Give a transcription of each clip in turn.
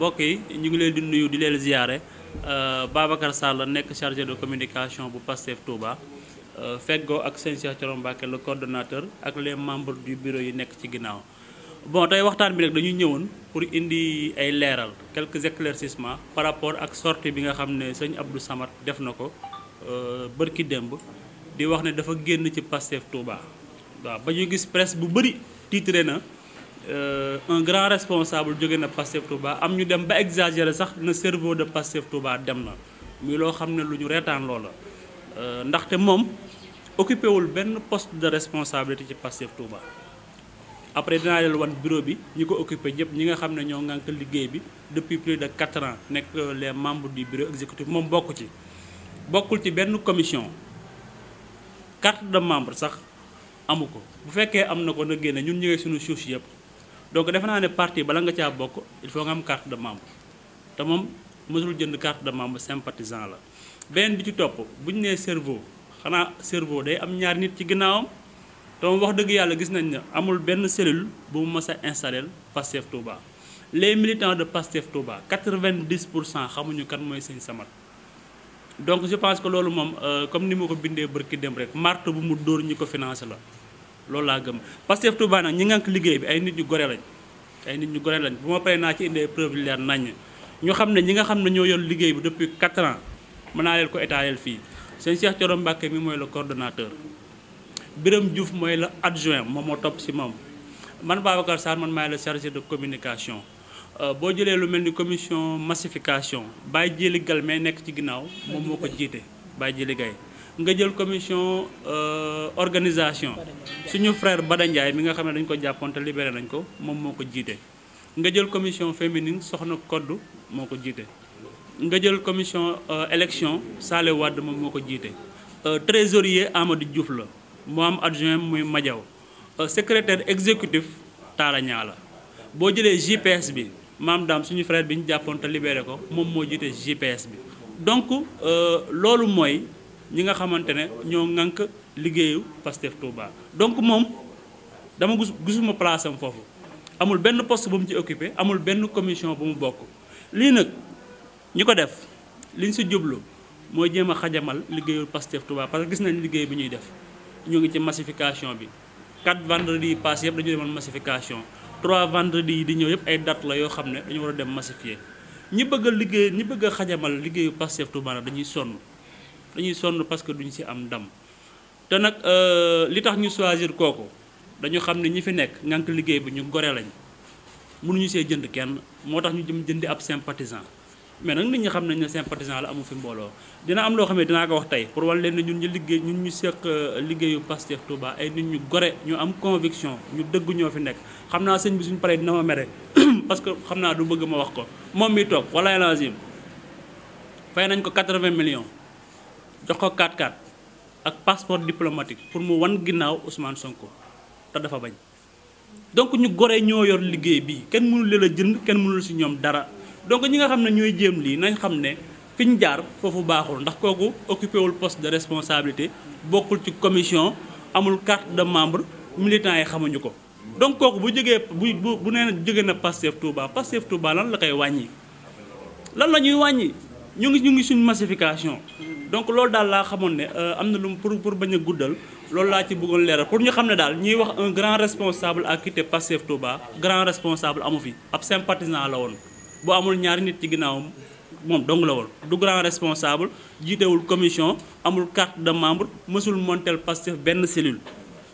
mbokk yi ñu ngi leen di nuyu di leen ziyaare euh, Babacar Sall nekk chargé de communication bu Pastef Touba euh, feggoo ak sëñ Cheikh Thioro Mbacké le ak les membres du bureau yi nekk ci ginnaaw bon tey waxtaan bi nag dañu ñëwoon pour indi ay leeral quelques éclaircissements par rapport ak sorti bi nga xam ne sëñ Abdou Samad def na ko euh, bërki démb di wax ne dafa génn ci Pastef Touba waaw ba ñu gis presse bu bëri titré na Euh, un grand responsable jóge na Pastef Touba am ñu dem ba exagéré sax na cerveau de Pastef Touba dem na muy loo xam ne lu ñu reetaan loola euh, ndaxte moom occupé wul benn poste de responsabilité ci Pastef Touba après dana leen wan bureau bi ñi ko occupé ñëpp ñi nga xam ne ñoo ngànk liggéey bi depuis plus de quatre ans nekk euh, les membre du bureau exécutif moom bokk ci bokkul ci benn commission carte de membre sax amu ko bu fekkee am na ko na génne ñun ñëwee suñu suuf donc defe naa ne parti bala nga caa bokk il faut nga am carte de membre te moom mësul jënd carte de membre sympathisant la beneen bi ci topp bu ñu nee cerveau xanaa cerveau day am ñaari nit ci ginnaawam te wax dëgg yàlla gis nañ ne amul benn cellule bu mu mës a installé Pastef Touba les militants de Pastef Touba 90 pour cent xamuñu kan mooy sëñ Samat donc je pense que loolu moom euh, comme ni ma ko bindee bërki dem rek marte bu mu dóor ñi ko financé la loolu laa gëm Pastef Touba nag ñi ngànk liggéey bi ay nit ñu gore lañ ay nit ñu gore lañ bu ma paree naa ci indi preuve nañ naññ ñu xam ne ñi nga xam ne ñoo yor liggéey bi depuis 4 ans mën naa leen ko étalel fii seen Cheikh Thioro Mbacké mi mooy le coordonnateur biram Diouf mooy le adjoint moom moo topp si moom man Babacar Sarr man maay le chargé de communication euh, boo jëlee lu mel ni commission massification Baye gal Galmé nekk ci ginnaaw moom moo ko jiite Baye Djili Gaye nga jël commission euh, organisation suñu frère Bada Ndiaye mi nga xam ne dañ ko jàppoon te nañ ko moom moo ko jiite. nga jël commission féminine soxna Koddu moo ko jiite. nga jël commission euh, élection Salé Wade moom moo ko jiite. Euh, trésorier Amadou Diouf la mu am adjoint muy Madiaw secrétaire exécutif Talla Niang la boo jëlee GPS bi maam daam suñu frère bi ñu jàppoon te ko moom moo jiite GPS bi donc loolu mooy. ñi nga xamante ne ñoo ŋànk liggéeyu Pastef Touba donc moom dama gis gisuma place am foofu amul benn post bu mu ci occupé amul benn commission bu mu bokk lii nag ñi ko def liñ si jublu mooy jéem a xajamal liggéeyu Pastef Touba parce que gis nañ liggéey bi ñuy def ñoo ngi ci massification bi quatre vendredi yi passé yëpp dañu demoon massification trois vendredi yi di ñëw yëpp ay date la yoo xam ne dañu war a dem massifier ñi bëgg a liggéey ñi bëgg a xajamal liggéeyu Pastef Touba dañuy sonn dañuy sonn parce que duñ si am ndam te nag euh, li tax ñu choisir kooku dañu xam ne ñi fi nekk ngànk liggéey bi ñu gore lañ munuñu see jënd kenn moo tax ñu jëm jëndi ab sympathisant mais nag nit ñu xam nañ ne sympathisant la amu fi mbooloo dina am loo xam ne dinaa ko wax tey pour wal leen ne ñun ñu liggéey ñun ñu seq euh, liggéeyu Pastef Touba ay nit ñu gore ñu am conviction ñu dëgg ñoo fi nekk xam naa sëñ bi suñu paree dina ma mere parce que xam naa du bëgg ma wax ko moom mi toog wala lazim fay nañ ko 80 millions jox ko 4-4 ak passeport diplomatique pour mu wan ginnaaw Ousmane Sonko te dafa bañ donc ñu gore ñoo yor liggéey bi kenn mënu li a jënd kenn mënul si ñoom dara donc ñi nga xam ne ñooy jéem lii nañ xam ne fi ñu jaar foofu baaxul ndax kooku occupé wul poste de responsabilité bokkul ci commission amul carte de membre militants yi xamuñu ko. donc kooku bu jógee bu bu bu nee jege na Pastef Touba Pastef Touba lan la koy wàññi lan la ñuy wàññi. ñu ngi ñu ngi suñ massification donc loolu daal laa xamoon ne euh, am na lu pour pour bañ a guddal loolu laa ci bëggoon leeral pour ñu xam ne daal ñuy wax un grand responsable a quitté Pastef Touba grand responsable amu fi ab sympathisant la woon boo amul ñaari nit ci ginnaawam moom dong la woon du grand responsable jiitewul commission amul carte de membre mësul montel Pastef benn cellule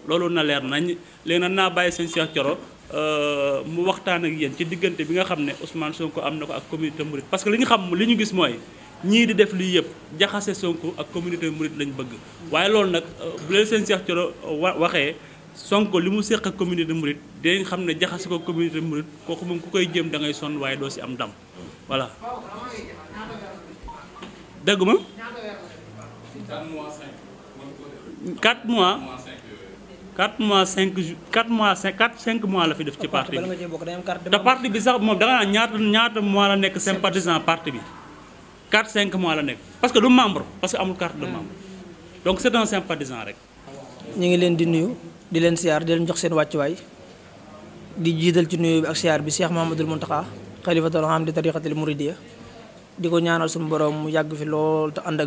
loolu na leer nañ léegi nag naa bàyyi seen Cheikh Thioro Euh, mu waxtaan ak yéen ci diggante bi nga xam ne Ousmane Sonko am na ko ak communauté Mouride parce que li ñu xam li ñu gis mooy ñii di def lii yëpp jaxase Sonko ak communauté Mouride lañ bëgg waaye loolu nag euh, bu leen seen Cheikh Thioro euh, wa waxee Sonko li mu seq ak communauté Mouride dinañ xam ne jaxase ko communauté Mouride kooku moom ku koy jëm dangay ngay sonn waaye doo si am ndam voilà. dégg ma mois. 4 mois 5 jours 4 mois 5 4 5 mois la fi def ci parti bi te parti bi sax moom da nga ñaata ñaata mois la nekk sympathisant parti bi 4 5 parce que du membre parce que amul carte de membre donc c'est un sympathisant rek. ñu ngi leen di nuyu di leen siyaar di leen jox seen wàccuwaay di jiital ci nuyu bi ak siyaar bi Cheikh Mouhamadoul Mountakha xalifatul am di tariqatil muridiyya di ko ñaanal suñu borom mu yàgg fi lool te ànd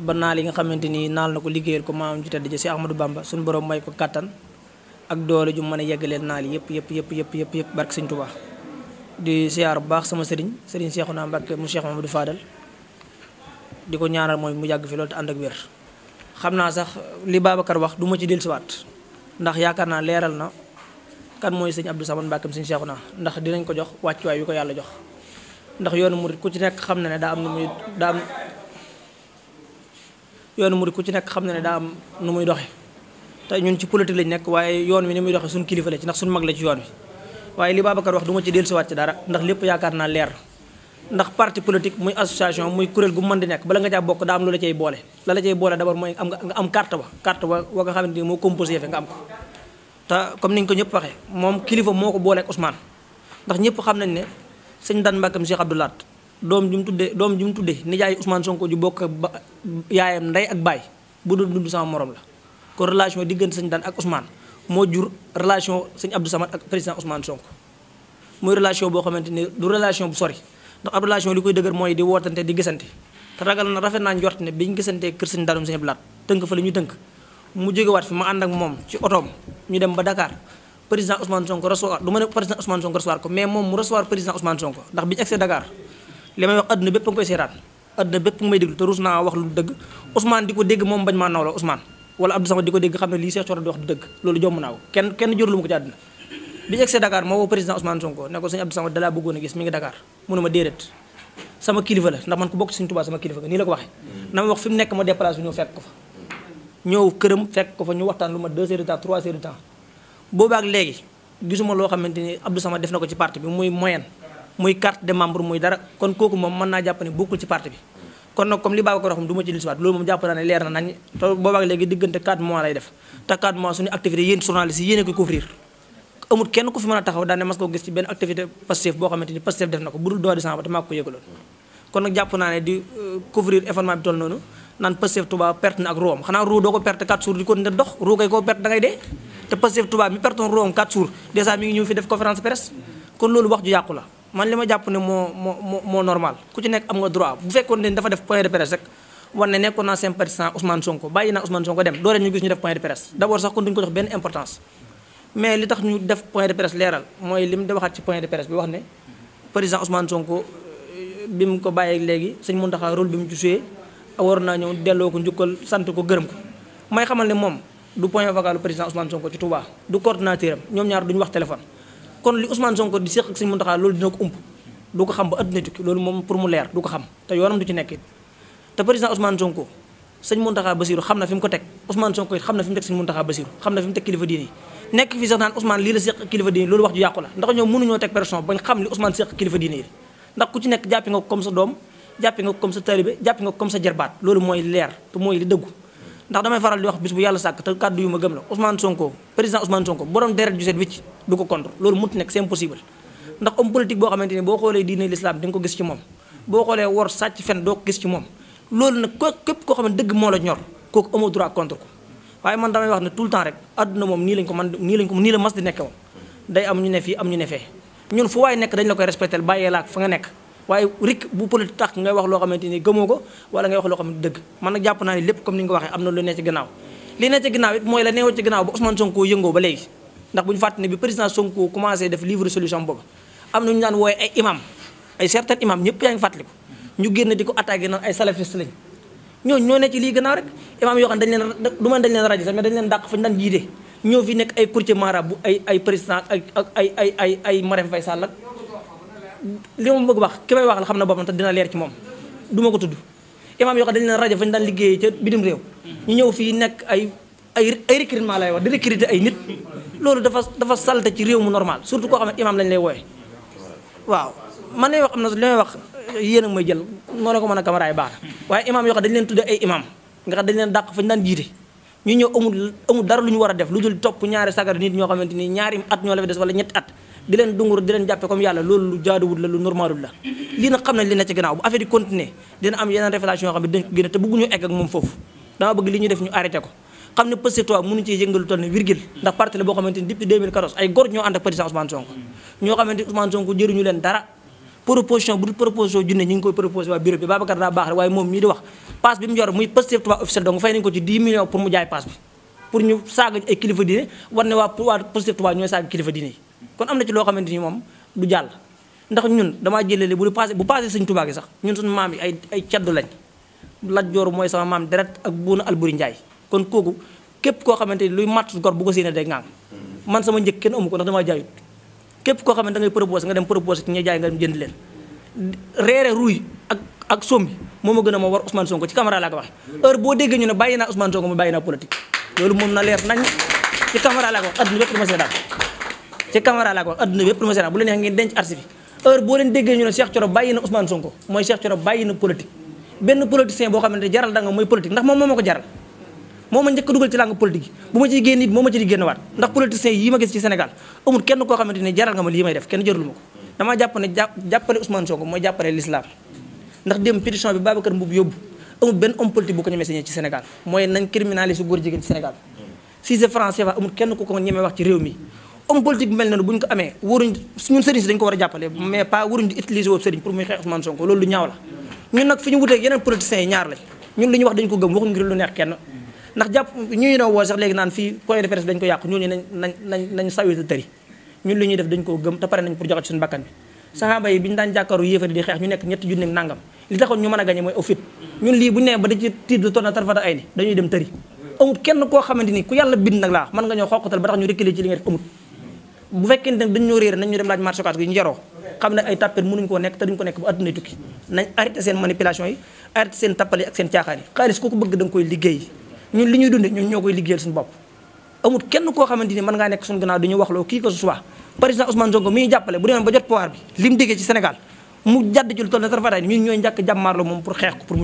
ba naal yi nga xamante ni naal na ko liggéeyal ko maamam ju tedd ji si Ahmadou Bamba suñu borom may ko kattan ak doole ju mën a yegg leen naal yëpp yëpp yëpp yëpp yëpp yëpp barke Sëñ Tuubaa di siyaar bu baax sama sëriñ sëriñ Seexuna Mbàkke mu Cheikh Mamadou Fadal di ko ñaanal mooy mu yàgg fi loolu te ànd wér xam naa sax li Babacar wax du ma ci dellusiwaat ndax yaakaar naa leeral na kan mooy sëñ Abdou Samad Mbàkke sëñ Seexuna ndax dinañ ko jox wàcc wàccuwaay yu ko yàlla jox ndax yoonu murit ku ci nekk xam na ne daa am nu muy daa am yoonu murid ku ci nekk xam na ne daa am nu muy doxe te ñun ci politique lañ nekk waaye yoon wi ni muy doxe suñ kilifa la ci ndax suñ mag la yoon wi waaye li Babacar wax du ma ci dellusiwaat ci dara ndax lépp yaakaar naa leer ndax parti politique muy association muy kuréel gu mën di nekk bala nga caa bokk daa am lu la ay boole la la cay boole d'abord mooy am nga am carte ba carte ba wa nga xamante ni moo composé fe nga am ko te comme niñ ko ñëpp waxee moom kilifa moo ko booleek Ousmane ndax ñëpp xam nañ ne sëñ daan mbàkkam Cheikh Abdou Lahat doom ju mu tuddee doom ju mu tuddee nijaay Ousmane Sonko ju bokk yaayam ndey ak baay bu doon dund sama moroom la kon relation diggante sëñ daan ak Ousmane moo jur relation sëñ Abdou Samad ak président Ousmane Sonko muy relation boo xamante ni du relation bu sori ndax ab relation li koy dëgër mooy di wootante di gisante te ragal na rafet naa njort ne bi ñu gisantee kër sëñ daanum sëñ blaat tënk fa la ñu tënk mu jógewaat fi ma ànd ak moom ci otoom ñu dem ba Dakar président Ousmane Sonko recevoir du ma ne président mais moom mu recevoir président Ousmane Sonko bi ñu bépp a ngi adduna bépp nga may déglu te rus naa wax lu dëgg Ousmane di ko dégg moom bañ maa naw la Ousmane wala Abdou di ko dégg xam ne lii Cheikh Thioro di wax du dëgg loolu jomm naa ko kenn kenn jurlu ma ko ci àdduna bi egsee a ma déedéet sama mm. ñëw fekk ko fa ñëw këram fekk ko fa ñu waxtaan lu ma 2 heures de temps 3 ak léegi gisuma loo xamante ni Abdou Samad def na ko ci parti bi muy moyenne muy carte de membre muy dara kon kooku moom mën naa jàpp ne kon nag comme li Babacar wax du ma ci lisuwaat loolu moom jàpp naa ne leer na nañ te léegi diggante 4 mois lay def te 4 mois suñu activité yéen journaliste yéen a koy couvrir amul kenn ku fi mën a taxaw daane mas ko gis ci benn activité Pastef boo xamante ni Pastef def na ko bu dul doo di sànq te maa ko yëgaloon kon nag jàpp naa ne di euh, couvrir événement bi toll noonu naan Pastef Touba perte na ak room xanaa roo man li ma jàpp ne moo moo moo normal ku ci nekk am nga droit bu fekkoon leen dafa def point de presse rek war ne nekkoon naa sympathisant Ousmane Sonko bàyyi naa Ousmane Sonko dem doore ñu gis ñu def point de presse d' sax ko jox li tax ñu def point de presse leeral mooy li mu da waxaat ci point de presse bi wax ne euh, bi mu ko bàyyee léegi sëñ Mountakha rôle bi mu joué waroon naa ñëw delloo ko njukkal sant ko gërëm ko may xamal ne moom du point vocal président Ousmane Sonko ci Touba du coordonnateur am ñoom ñaar duñu wax téléphone kon li Ousmane Sonko di séq ak Serigne Mountakha loolu dina ko ump du ko xam ba adduna tukki loolu moom pour mu leer du ko xam te yoonam du ci nekk it te président Ousmane Sonko Serigne Mountakha Bassirou xam na ko teg Ousmane xam na fi mu teg Serigne Mountakha Bassirou xam na fi mu teg kilifa diine yi nekk fi sax naan Ousmane lii la séq ak kilifa diine yi loolu wax ju yàqu la ndax ñoom mënuñoo teg personne bañ xam li Ousmane séq ak kilifa diine yi ndax ku ci nekk jàppe nga ko comme sa doom jàppi nga ko comme sa taalibe jàppi nga ko comme sa jarbaat loolu mooy leer ndax damay faral di wax bis bu yàlla sàkk te kàddu yu ma gëm la Ousmane Sonko président Ousmane Sonko borom deret ju wicc du ko contre loolu mut nekk c'est impossible ndax homme politique boo xamante xoolee diine l'islam di nga ko gis koo xam ne dëgg moo la ñor kooku amoo droit contre ko waaye man damay wax ne tout le temps rek àdduna moom nii lañ ko man nii la mas di nekke moom day am ñu ne fii am ñu ne fee ñun fu waay nekk dañ la koy respecté bàyyee laak fa nga nekk waaye rik bu politique tax ngay wax loo xamante ni gëmoo ko wala ngay wax loo xamante dëgg man nag jàpp naa ne lépp comme ni nga ko waxee am na lu ne ci gannaaw li ne ci gannaaw it mooy la neewoon ci gannaaw ba Ousmane Sonko yëngoo ba léegi ndax bu ñu ñu fàttaliku ñu génn di ko attaqué naan ay salafiste lañ ñooñu ñoo ne lii gannaaw rek imam yoo xam dañ leen du man dañ leen rajo sax mais dañ leen dàq fañu daan jiite ñoo fi nekk ay courtier marabout ay ay président ay ay ay ay Marème li ma bëgg wax ki may la xam na boppam te dina leer ci moom du ma ko tudd imaam yoo xam dañu leen rajo fañ daan liggéeyee ca bitim réew ñu ñëw fii nekk ay ay ay recrutement lay wax di recruter ay nit loolu dafa dafa salte ci réew mu normal surtout koo xam ne imaam lañ lay wooye waaw man lay wax na li may wax yéen a may jël noonu ko mën a camaraay baax waaye imaam yoo xam dañu leen tuddee ay imaam nga xam dañu leen dàq fañ daan jiite ñu ñëw amul amul dara lu ñu war a def lu dul topp ñaari sagar nit ñoo xamante ni ñaari at ñoo la des wala ñetti at di leen dungur di leen jàppe comme yàlla loolu lu jaaduwul la lu normalul la lii nag xam nañ li ne ci gannaaw bu affaire yi dina am yeneen révélation yoo xam ne dañ ko génne ko xam ne Pastef Touba mënuñu ci yëngalu ni depuis 2014 ay góor ñoo ànd ak président Ousmane Sonko ñoo passe bi mu yor muy Pastef Touba officiel donc fay nañ ko ci 10 millions pour mu jaay passe bi pour ñu saaga ay kilifa diine war ne waa waa Pastef ñooy saaga kilifa diine yi kon am na ci loo xamante ni moom du jàll ndax ñun damaa jëlale bu passé bu passé sëñ Tuubaa gi sax ñun suñu maam yi ay ay caddu lañ Lat Joor mooy sama maam deret ak Buuna Alburi Njaay kon kooku képp koo xamante ni luy matt gor bu ko séenee day ŋaang man sama njëkk kenn amu ko ndax damaa jaayut képp koo xamante da ngay proposé nga dem proposé ci ñuy jaay nga dem jënd leen reere ruuy ak ak sombi moom a gën a ma war Ousmane Sonko ci caméra laa ko ne bàyyi naa Ousmane Sonko mu bàyyi naa politique loolu na leer nañ ci caméra laa ko ci Camara laa ko wax adduna bi yëpp lu ma seetaan bu leen neex ngeen denc arsi bi heure boo leen déggee ñu ne Cheikh Thioro bàyyi na Ousmane Sonko mooy Cheikh Thioro bàyyi na politique benn politicien boo xamante jaral da nga mooy politique ndax moom moo ma ko jaral moo ma njëkk dugal ci làng politique yi bu ma ciy génn it moo ma ci di génn waat ndax politicien yi ma gis ci Sénégal amul kenn koo xamante ne jaral nga ma lii may def kenn jaralu ma ko damaa jàpp homme politique bu mel noonu bu ñu ko amee waruñ ñun sëriñ si dañu ko war a jàppale mais pas waruñ di utiliser woobu sëriñ pour muy xeex Ousmane Sonko loolu lu ñaaw la ñun nag fi ñu wutee yeneen politiciens yi ñaar lañ ñu wax dañu ko gëm te pare nañ pour joxe ci suñu bakkan bi saxaaba yi bi ñu daan jàkkaaru yéefari di xeex ñu nekk ñetti junni nangam li taxoon ñu a gañe mooy au fit lii bu ñu nee ba da ci tiit du toll na tarfata ay ni dañuy bu fekkee ne dañ ñoo réer nañ ñu dem laaj marché occas gi ñu yaroo xam ne ay tàppet mënuñ koo nekk te duñ ko nekk ba addunay tukki nañ arrêté seen manipulation yi arrêté seen tappale ak seen caaxaan yi xaalis ku bëgg da koy liggéey ñun li ñuy dundee ñun ñoo koy liggéeyal suñu bopp amul kenn koo xamante ni mën ngaa nekk suñu gannaaw di ñu wax loo kii que ce soit président Ousmane Sonko mi ñu jàppale bu demee ba jot pouvoir bi li mu ci Sénégal moom pour xeex ko pour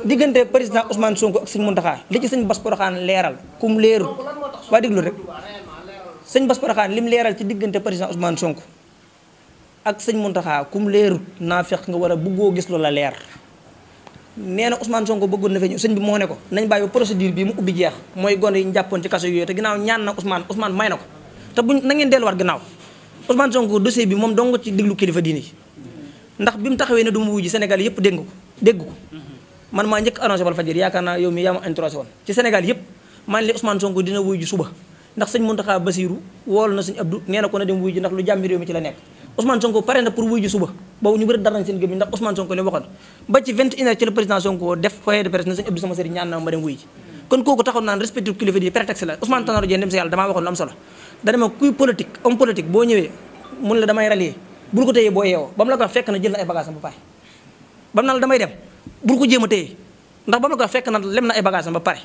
diggante président Ousmane Sonko ak sëñ Mountakha li ci sëñ Bass leeral ku mu leerul waa déglu rek sëñ Bass Porokhane li mu leeral ci diggante président Ousmane sonk ak sëñ Mountakha ku mu leerul naa fex nga war a bëggoo gis la leer nee na Ousmane Sonko bëggoon na fee ñëw sëñ bi moo ne ko nañ bàyyi procédure bi mu ubbi jeex mooy gone yi ñu ci kaso yooyu te ginnaaw ñaan na Ousmane Ousmane may na ko te buñ na ngeen delluwaat ginnaaw Ousmane Sonko dossier bi moom dong ci diglu kilifa diini ndax bi mu taxawee ne du ma wuyu ji Sénégal yëpp dégg ko dégg ko mhm. man maa njëkk annoncé wal fajar yaakaar naa yow mi yaa ma introsé woon ci Sénégal yëpp man li Ousmane Sonko dina wuyu ji suba ndax sëñ Mountakha Bassirou woolu na sëñ Abdou nee na ko na dem wuyu ji ndax lu jàmmi réew mi ci la nekk Ousmane Sonko pare na pour wuyu ji suba boobu ñu bëri dar nañ seen gëm ndax Ousmane Sonko li waxoon ba ci 21 heures ci le président Sonko def foyer na sëñ Abdou sama si yàlla damaa waxoon lu am solo boo ñëwee mun la damay bul ko téye boo yeewoo ba mu la ko wax fekk na jël na ay bagage am ba pare ba mu naan damay dem bul ko jéem a téye ndax ba mu la ko fekk na lem na ay bagage ba pare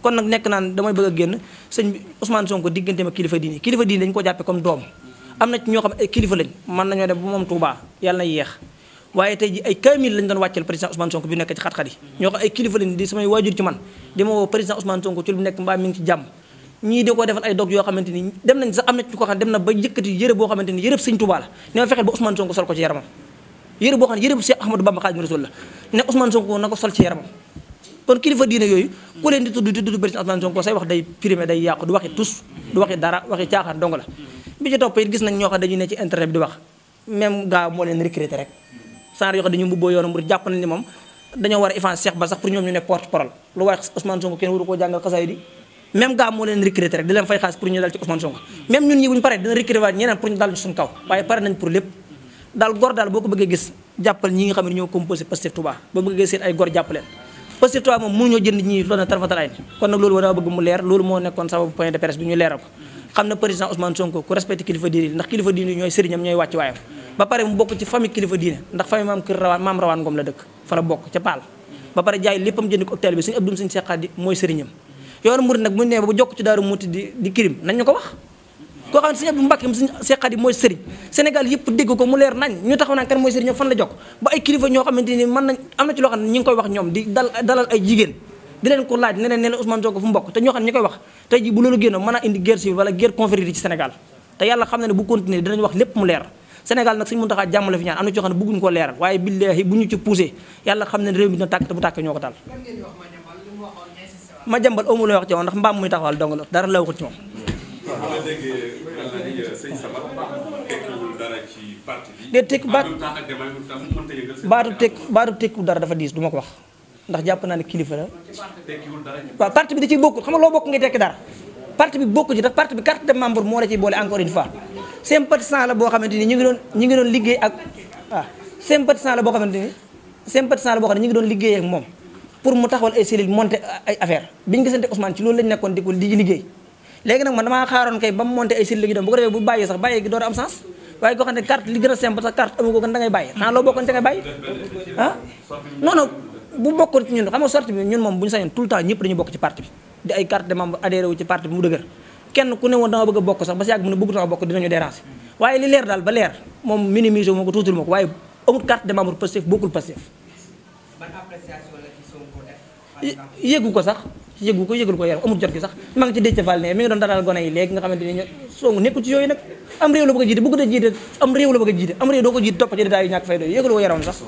kon nag nekk naan damay bëgg a génn sëñ bi Ousmane Sonko digganteem a kilifa diini kilifa diini dañu ko jàppe comme doom am na ci ñoo xam ay kilifa lañ mën nañoo dem ba moom Touba yàlla na yéex waaye tey ji ay kaamil lañ doon wàcceel président Ousmane Sonko bi nekk ci xat-xat yi ñoo xam ay ngi ci jàmm ñii di ko defal ay dog yoo xamante ni dem nañ sax am na ci ko xam dem na ba yëkkati yëre boo xamante ni yërëb sëñ Tuubaa la ne fexeel ba Ousmane Sonko sol ko ci yaramam yëre boo xam ne yërëb Cheikh Ahmadou Bamba yooyu ku leen di tudd di tudd bëri wax day primé day yàqu du waxi ñoo xam ne ci internet bi di wax même gaa moo leen recruté rek sans yoo xam dañu a ifan ba sax pour ñoom ñu ne porte parole lu wax Ousmane jàngal xasaay même gaa moo leen recruté rek di leen fay xaalis pour ñu dal ci Ousmane Sonko même ñun ñi bu paree dina recruté waat ñeneen pour ñu dal ci kaw waaye pare nañ pour lépp daal gor daal boo ko bëggee gis jàppal ñi nga xam ne ñoo composé Pastef Touba boo bëggee seen ay gor jàppaleen Pastef Touba moom mënuñoo jënd ñi loolu na ay kon nag loolu war a bëgg mu leer loolu moo nekkoon sababu point de presse bi ñu leeral ko xam ne pare mu bokk ci famille yoonu murid nag bu ñu nee ba jokk ci daaru muuti di di kirim nañ ñu ko wax koo xam ne sëñ Abdou Mbacke m sëñ Cheikh Khadim mooy sëriñ Sénégal yëpp dégg ko mu leer nañ ñu taxaw naan kan mooy sëriñ ñoom fan la jokk ba ay kilifa ñoo na ci loo xam ne ñi ngi koy wax ñoom di dalal ay jigéen di leen ko laaj ne leen ne leen fu mu te ñoo xam ne ñi koy wax tey ji bu loolu génnoon mën a indi guerre civile wala guerre confrérie ci Sénégal te yàlla xam na ne bu continuer dinañ wax lépp mu leer Sénégal nag suñu mën taxaa jàmm la fi ñaan am na ci yoo xam ko leeral waaye billaahi bu ñu ci poussé tàkk te bu ma jambal amu lay wax ci moom ndax mbaam muy taxawal dong la dara la waxut ci moom. de tekk baatu baatu tekk baatu tekkiwul dara dafa diis du ma ko wax ndax jàpp naa ne kilifa la waaw parti bi da ciy bokkul xam nga loo bokk ngay tekki dara parti bi bokku ci ndax parti bi carte de membre moo la ciy boole encore une fois sympathisant la boo xamante ni ñu ngi doon ñu ngi doon liggéey ak waaw sympathisant la boo xamante ni sympathisant la boo xam ñu ngi doon liggéey ak moom pour mu taxawal ay cellules monter ay affaire bi ñu gisante Ousmane ci loolu lañ nekkoon di ko liggéey léegi nag man damaa xaaroon kay ba mu ay cellules gi doon bu ko defee bu bàyyee sax bàyyee door am sens waaye koo xam ne carte li gën a simple sax carte amu ah? carte de membre adhéré ci parti bi mu dëgër kenn ku ne woon dama bëgg a bokk sax ba si yàgg mu ne bëggutaa bokk dinañu déranger waaye li leer daal ba leer moom minimiser moo ko tuutul moo ko yëgu ko sax yëgu ko yëgul ko yaram amul jot gi sax ma ngi ci Déthié Fall ne mi ngi doon dalal gone yi léegi nga xamante ni songu nekkul ci yooyu nag am réew la bëgg a jiite bëgg a jiite am réew la bëgg a jiite am réew doo ko jiite topp ci détails ñàkk fay doy yëgul ko yaram sax